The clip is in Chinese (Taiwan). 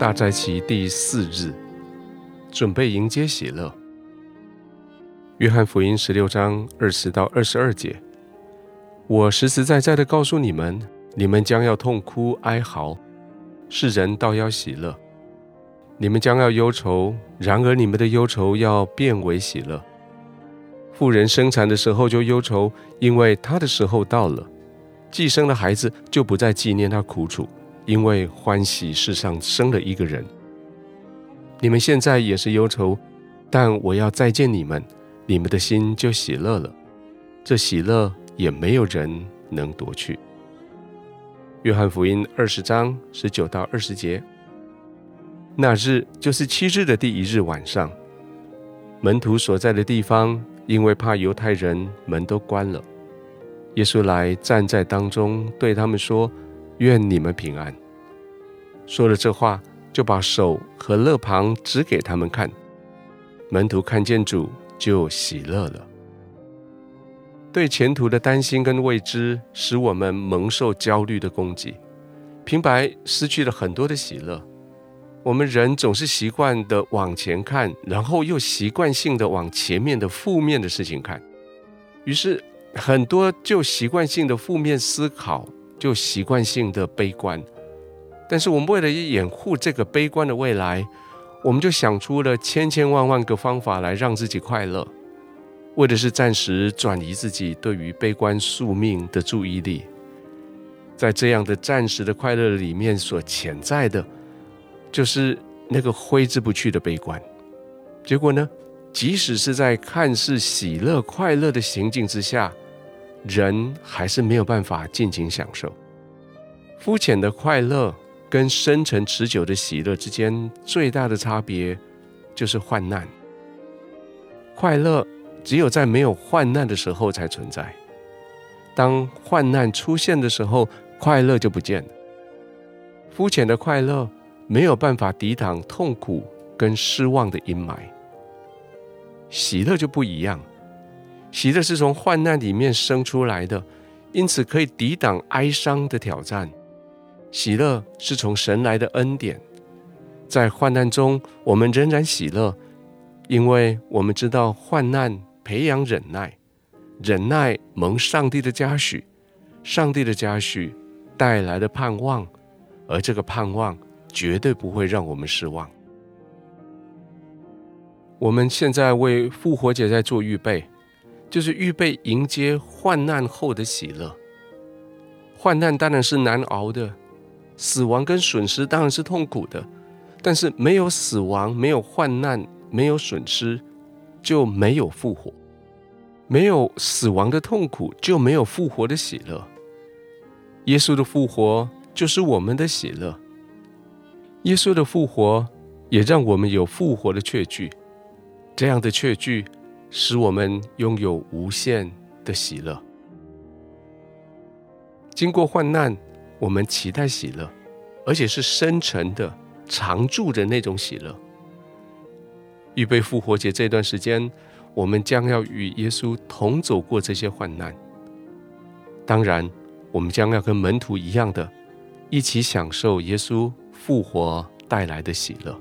大齋期第四日，準備迎接喜樂。約翰福音十六章二十到二十二節，我實實在在的告訴你們，你們將要痛哭哀嚎，世人倒要喜樂；你們將要憂愁，然而你們的憂愁要變為喜樂。婦人生產的時候就憂愁，因為她的時候到了；既生了孩子，就不再紀念她苦楚。因為歡喜，世上生了一個人。你們現在也是憂愁，但我要再見你們，你們的心就喜樂了。這喜樂也沒有人能奪去。約翰福音二十章十九到二十節。那日就是七日的第一日晚上，門徒所在的地方，因為怕猶太人，門都關了。耶穌來站在當中，對他們說：願你們平安。說了這話，就把手和肋旁指給他們看。門徒看見主，就喜樂了。對前途的擔心跟未知，使我們蒙受焦慮的攻擊，平白失去了很多的喜樂。我們人總是習慣的往前看，然後又習慣性的往前面的負面的事情看，於是很多就習慣性的負面思考。就習慣性的悲觀，但是我們為了掩護這個悲觀的未來，我們就想出了千千萬萬個方法來讓自己快樂，為的是暫時轉移自己對於悲觀宿命的注意力。在這樣的暫時的快樂裡面，所潛在的就是那個揮之不去的悲觀。結果呢，即使是在看似喜樂快樂的情境之下。人還是沒有辦法盡情享受。膚淺的快樂跟深沉持久的喜樂之間最大的差別，就是患難。快樂只有在沒有患難的時候才存在，當患難出現的時候，快樂就不見了。膚淺的快樂沒有辦法抵擋痛苦跟失望的陰霾。喜樂就不一樣。喜樂是從患難裡面生出來的，因此可以抵擋哀傷的挑戰。喜樂是從神來的恩典，在患難中我們仍然喜樂，因為我們知道患難培養忍耐，忍耐蒙上帝的嘉許，上帝的嘉許帶來的盼望，而這個盼望絕對不會讓我們失望。我們現在為復活節在做預備。就是預備迎接患難後的喜樂。患難當然是難熬的，死亡跟損失當然是痛苦的。但是沒有死亡，沒有患難，沒有損失，就沒有復活；沒有死亡的痛苦，就沒有復活的喜樂。耶穌的復活就是我們的喜樂。耶穌的復活也讓我們有復活的確據，這樣的確據。使我們擁有無限的喜樂。經過患難，我們期待喜樂，而且是深沉的、常駐的那種喜樂。預備復活節這段時間，我們將要與耶穌同走過這些患難。當然，我們將要跟門徒一樣的，一起享受耶穌復活帶來的喜樂。